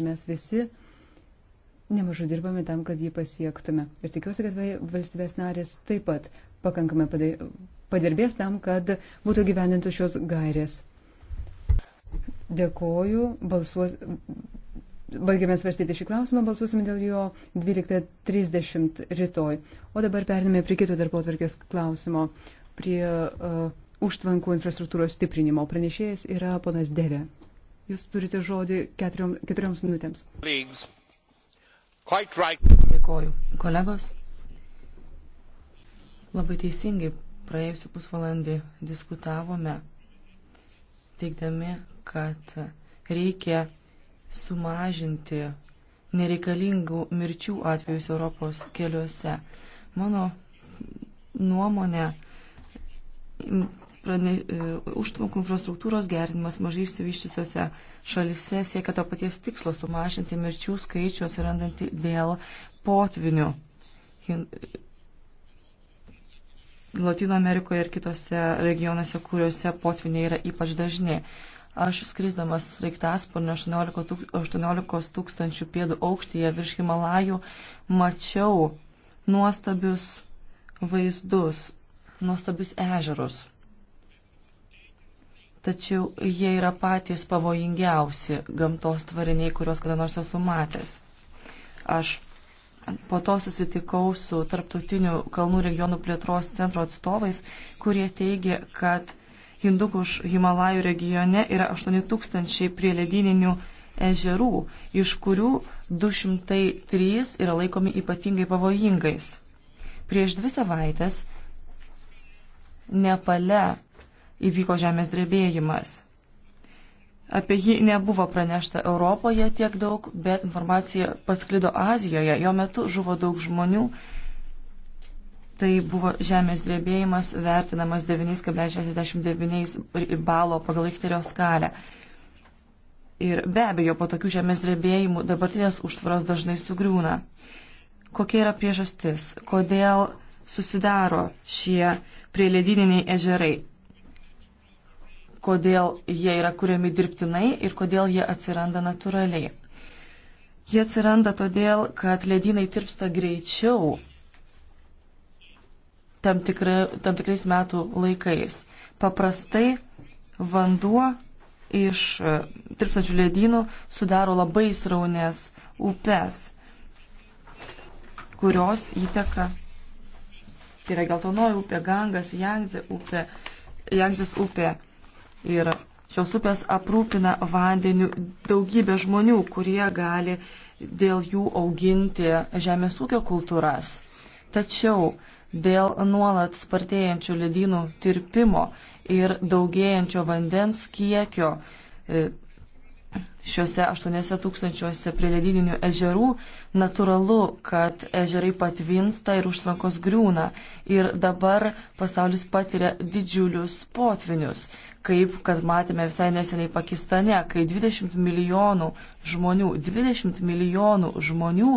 ir mes visi nemažai dirbame tam, kad jį pasiektume. Ir tikiuosi, kad valstybės narės taip pat pakankamai padirbės tam, kad būtų gyvenintų šios gairės. Dėkoju, balsuos. Baigiame svarstyti šį klausimą, balsuosim dėl jo 12.30 rytoj. O dabar periname prie kito darbo atvarkės klausimo, prie uh, užtvankų infrastruktūros stiprinimo. Pranešėjas yra ponas Deve. Jūs turite žodį keturiom, keturioms minutėms. Dėkoju. Kolegos, labai teisingai praėjusią pusvalandį diskutavome, teikdami, kad reikia sumažinti nereikalingų mirčių atvejus Europos keliuose. Mano nuomonė, prane, e, užtvankų infrastruktūros gerinimas mažai išsivyščiusiose šalise siekia to paties tikslo sumažinti mirčių skaičių atsirandantį dėl potvinių. Latino Amerikoje ir kitose regionuose, kuriuose potviniai yra ypač dažni. Aš skrisdamas sraigtasparniu 18 tūkstančių pėdų aukštyje virš Himalajų mačiau nuostabius vaizdus, nuostabius ežerus tačiau jie yra patys pavojingiausi gamtos tvariniai, kuriuos kada nors esu matęs. Aš po to susitikau su tarptautiniu kalnų regionų plėtros centro atstovais, kurie teigia, kad Hindukuš Himalajų regione yra 8000 prielėdyninių ežerų, iš kurių 203 yra laikomi ypatingai pavojingais. Prieš dvi savaitės Nepale įvyko žemės drebėjimas. Apie jį nebuvo pranešta Europoje tiek daug, bet informacija pasklido Azijoje. Jo metu žuvo daug žmonių. Tai buvo žemės drebėjimas vertinamas 9,69 balo pagal Richterio skalę. Ir be abejo, po tokių žemės drebėjimų dabartinės užtvaros dažnai sugriūna. Kokia yra priežastis? Kodėl susidaro šie prielėdininiai ežerai? kodėl jie yra kuriami dirbtinai ir kodėl jie atsiranda natūraliai. Jie atsiranda todėl, kad ledynai tirpsta greičiau tam, tikra, tam tikrais metų laikais. Paprastai vanduo iš e, tirpstančių ledynų sudaro labai sraunės upes, kurios įteka, tai yra geltonoji upė, gangas, jangzė upė, jangzės upė Ir šios upės aprūpina vandeniu daugybę žmonių, kurie gali dėl jų auginti žemės ūkio kultūras. Tačiau dėl nuolat spartėjančių ledynų tirpimo ir daugėjančio vandens kiekio e, šiuose 8 tūkstančiuose priledyninių ežerų, natūralu, kad ežerai patvinsta ir užtvankos griūna. Ir dabar pasaulis patiria didžiulius potvinius, kaip kad matėme visai neseniai Pakistane, kai 20 milijonų žmonių, 20 milijonų žmonių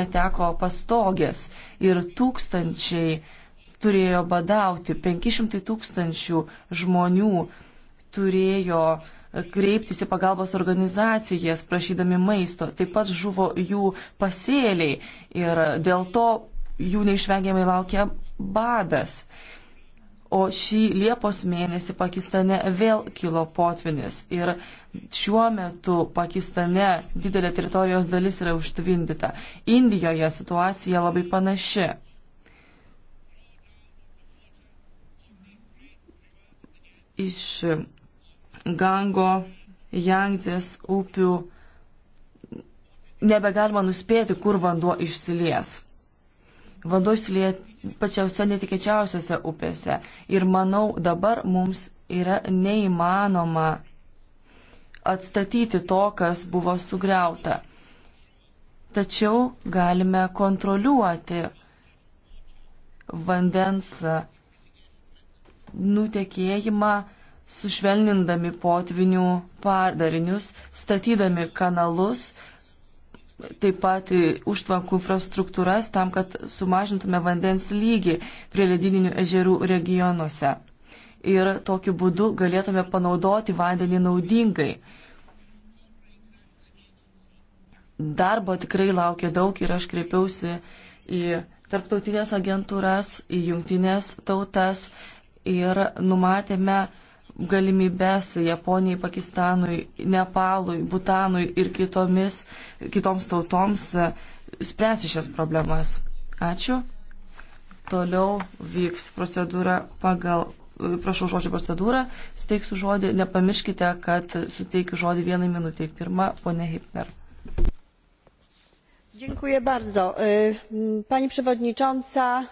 neteko pastogės ir tūkstančiai turėjo badauti, 500 tūkstančių žmonių turėjo uh, kreiptis į pagalbos organizacijas, prašydami maisto. Taip pat žuvo jų pasėliai ir dėl to jų neišvengiamai laukia badas. O šį Liepos mėnesį Pakistane vėl kilo potvinis ir šiuo metu Pakistane didelė teritorijos dalis yra užtvindyta. Indijoje situacija labai panaši. Iš Gango, Jangdzės upių nebegalima nuspėti, kur vanduo išsilies. Vanduo išsilieja pačiausia netikėčiausiose upėse. Ir manau, dabar mums yra neįmanoma atstatyti to, kas buvo sugriauta. Tačiau galime kontroliuoti vandens nutekėjimą sušvelnindami potvinių padarinius, statydami kanalus, taip pat užtvankų infrastruktūras tam, kad sumažintume vandens lygį prie ledininių ežerų regionuose. Ir tokiu būdu galėtume panaudoti vandenį naudingai. Darbo tikrai laukia daug ir aš kreipiausi į tarptautinės agentūras, į jungtinės tautas ir numatėme galimybes Japonijai, Pakistanui, Nepalui, Butanui ir kitomis, kitoms tautoms e, spręsti šias problemas. Ačiū. Toliau vyks procedūra pagal, e, prašau žodžio procedūrą, suteiksiu žodį, nepamirškite, kad suteikiu žodį vienai minutiai. Pirma, ponė Hipner. Dziękuję bardzo. E, pani przewodnicząca.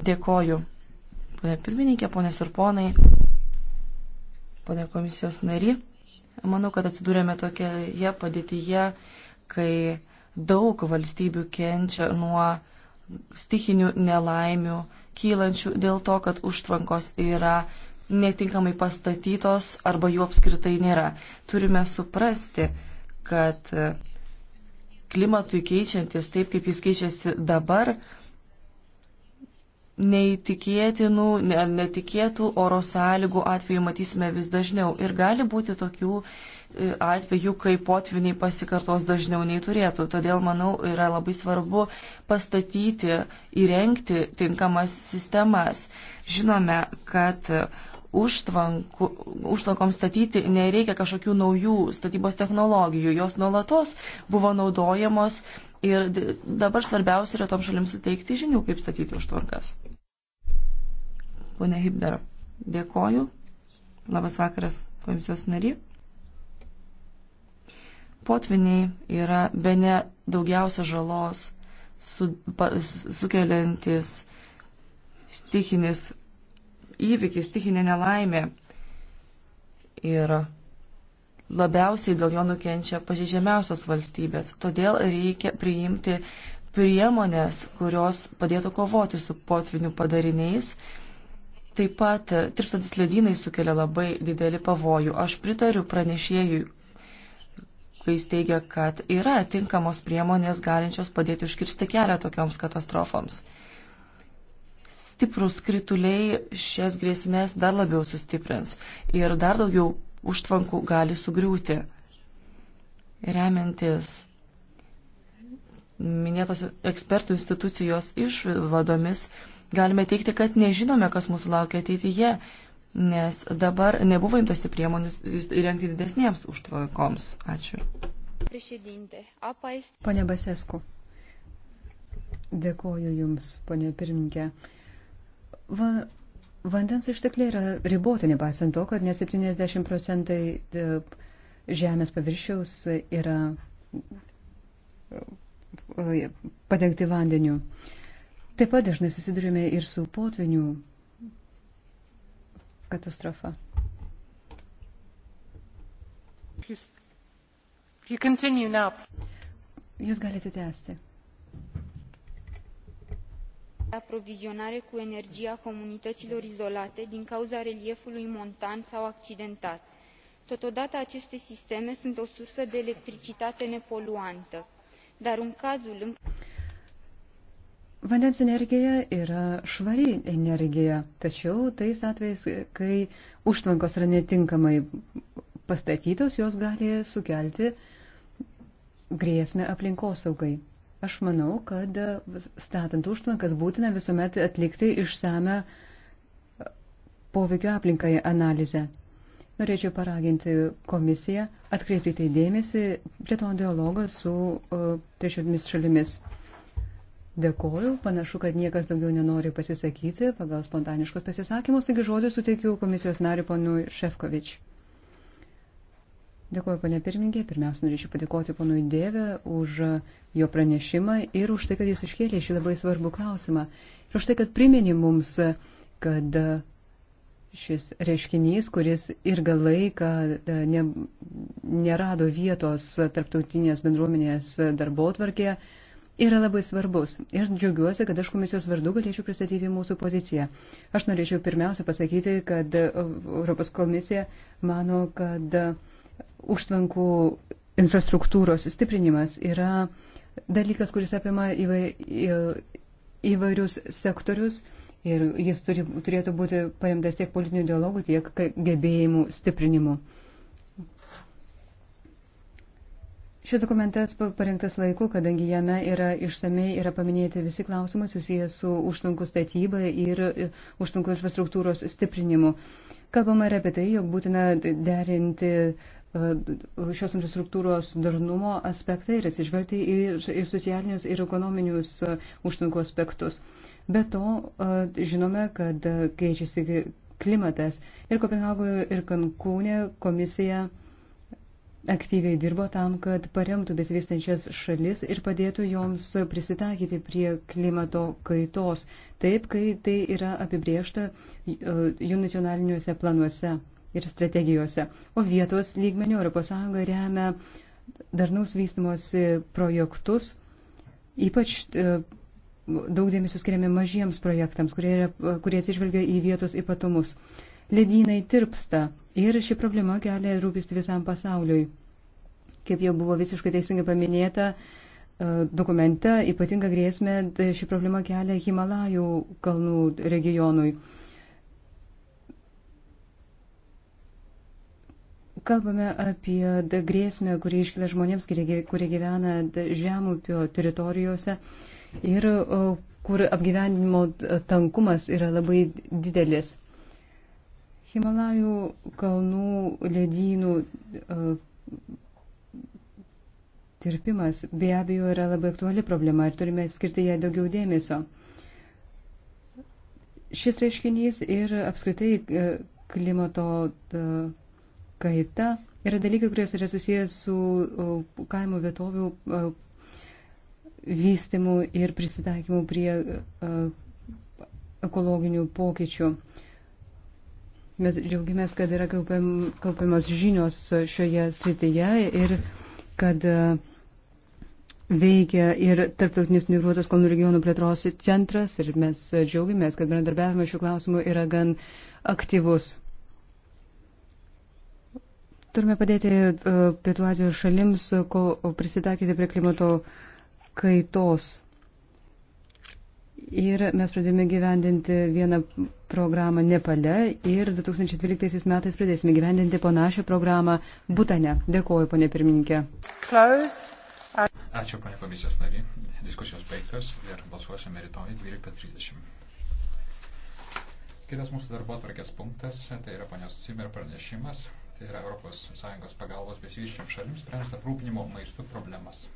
Dėkoju. Pone pirmininkė, ponės ir ponai. Pone komisijos nari, manau, kad atsidūrėme tokioje padėtyje, kai daug valstybių kenčia nuo stichinių nelaimių, kylančių dėl to, kad užtvankos yra netinkamai pastatytos arba jų apskritai nėra. Turime suprasti, kad klimatui keičiantis taip, kaip jis keičiasi dabar, neįtikėtinų, ne, netikėtų oro sąlygų atveju matysime vis dažniau ir gali būti tokių e, atveju, kai potviniai pasikartos dažniau nei turėtų. Todėl, manau, yra labai svarbu pastatyti, įrengti tinkamas sistemas. Žinome, kad užtvankų, užtvankoms statyti nereikia kažkokių naujų statybos technologijų. Jos nuolatos buvo naudojamos ir dabar svarbiausia yra tom šalim suteikti žinių, kaip statyti užtvankas. Pone Hibner, dėkoju. Labas vakaras, komisijos nari. Potviniai yra be ne daugiausia žalos su, pa, sukeliantis stichinis įvykis, stichinė nelaimė. Ir labiausiai dėl jo nukenčia pažeidžiamiausios valstybės. Todėl reikia priimti priemonės, kurios padėtų kovoti su potvinių padariniais Taip pat e, tirpstantis ledynai sukelia labai didelį pavojų. Aš pritariu pranešėjui, kai jis teigia, kad yra tinkamos priemonės galinčios padėti užkirsti kelią tokioms katastrofoms. Stiprus krituliai šias grėsmės dar labiau sustiprins ir dar daugiau užtvankų gali sugriūti. Remiantis minėtos ekspertų institucijos išvadomis, iš galime teikti, kad nežinome, kas mūsų laukia ateityje, nes dabar nebuvo imtasi priemonių įrengti didesniems užtvankoms. Ačiū. Pane Basesku, dėkoju Jums, ponė pirmininkė. Va, vandens ištekliai yra riboti, nepaisant to, kad ne 70 procentai e, žemės paviršiaus yra e, padengti vandeniu. Taip pat dažnai susidurime ir su potvinių katastrofa. Jūs galite tęsti. Aprovizionare cu energie a comunităților izolate din cauza reliefului montan sau accidentat. Totodată aceste sisteme sunt o sursă de electricitate nepoluantă. Dar în cazul în Vandens energija yra švari energija, tačiau tais atvejais, kai užtvankos yra netinkamai pastatytos, jos gali sukelti grėsmę aplinkosaugai. Aš manau, kad statant užtvankas būtina visuomet atlikti išsame poveikio aplinkai analizę. Norėčiau paraginti komisiją atkreipti tai dėmesį prie to dialogo su uh, trečiomis šalimis. Dėkoju, panašu, kad niekas daugiau nenori pasisakyti pagal spontaniškus pasisakymus, taigi žodį suteikiu komisijos nariu ponui Šefkovič. Dėkoju, ponė pirmininkė. Pirmiausia, norėčiau padėkoti ponui Dėvė už jo pranešimą ir už tai, kad jis iškėlė šį labai svarbų klausimą. Ir už tai, kad priminė mums, kad šis reiškinys, kuris ilgą laiką e, ne, nerado vietos tarptautinės bendruomenės darbo tvarkėje, yra labai svarbus. Ir džiaugiuosi, kad aš komisijos vardu galėčiau pristatyti mūsų poziciją. Aš norėčiau pirmiausia pasakyti, kad e, Europos komisija mano, kad e, užtvankų infrastruktūros stiprinimas yra dalykas, kuris apima įvairius sektorius. Ir jis turi, turėtų būti paremtas tiek politinių dialogų, tiek gebėjimų stiprinimu. Šis dokumentas parengtas laiku, kadangi jame yra išsamei yra paminėti visi klausimai susijęs su užtvankų statyba ir e, užtvankų infrastruktūros stiprinimu. Kalbama ir apie tai, jog būtina derinti e, šios infrastruktūros darnumo aspektą ir atsižvelgti į, į socialinius ir ekonominius e, užtvankų aspektus. Be to, žinome, kad keičiasi klimatas ir Kopenhagoje ir Kankūne komisija aktyviai dirbo tam, kad paremtų besivystančias šalis ir padėtų joms prisitaikyti prie klimato kaitos, taip, kai tai yra apibriešta e, jų nacionaliniuose planuose ir strategijose. O vietos lygmenio ES remia darnaus vystimosi projektus, ypač e, daug dėmesio skiriame mažiems projektams, kurie, yra, kurie atsižvelgia į vietos ypatumus ledynai tirpsta ir ši problema kelia rūpestį visam pasauliui. Kaip jau buvo visiškai teisingai paminėta, e, dokumente ypatinga grėsmė ši problema kelia Himalajų kalnų regionui. Kalbame apie grėsmę, kuri iškyla žmonėms, kurie gyvena žemupio teritorijose ir kur apgyvenimo tankumas yra labai didelis. Himalajų kalnų ledynų e, tirpimas be abejo yra labai aktuali problema ir turime skirti ją daugiau dėmesio. Šis reiškinys ir apskritai e, klimato e, kaita yra dalykai, kurios yra susijęs su kaimo vietovių vystimu ir prisitaikymu prie ekologinių pokyčių. Mes džiaugiamės, kad yra kaupiamos žinios šioje srityje ir kad e, veikia ir Tarptautinis Nigruotos kalnų regionų plėtros centras ir mes džiaugiamės, kad bendradarbiavimas šių klausimų yra gan aktyvus. Turime padėti e, Pietų Azijos šalims prisitaikyti prie klimato kaitos Ir mes pradėjome gyvendinti vieną programą Nepale ir 2012 metais pradėsime gyvendinti panašią programą Butane. Dėkuoju, ponė pirmininkė. Ačiū, ponė komisijos nariai. Diskusijos baigtos ir balsuosime rytoj 12.30. Kitas mūsų darbo atvarkės punktas, tai yra ponios Cimer pranešimas, tai yra ES pagalbos besivyščiam šalims spręsti aprūpinimo maistu problemas.